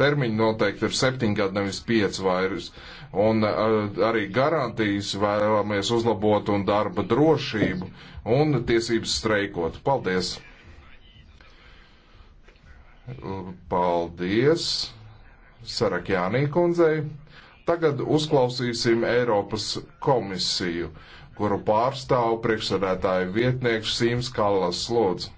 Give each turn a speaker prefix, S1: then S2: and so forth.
S1: termiņi noteikti ir septiņi gadi, nevis pieci vairs. Un uh, arī garantijas vēlamies uzlabot un darba drošību un tiesības streikot. Paldies! Paldies Sarakjānī kundzei. Tagad uzklausīsim Eiropas komisiju, kuru pārstāv priekšsēdētāja vietnieks Sīms Kallas Lodz.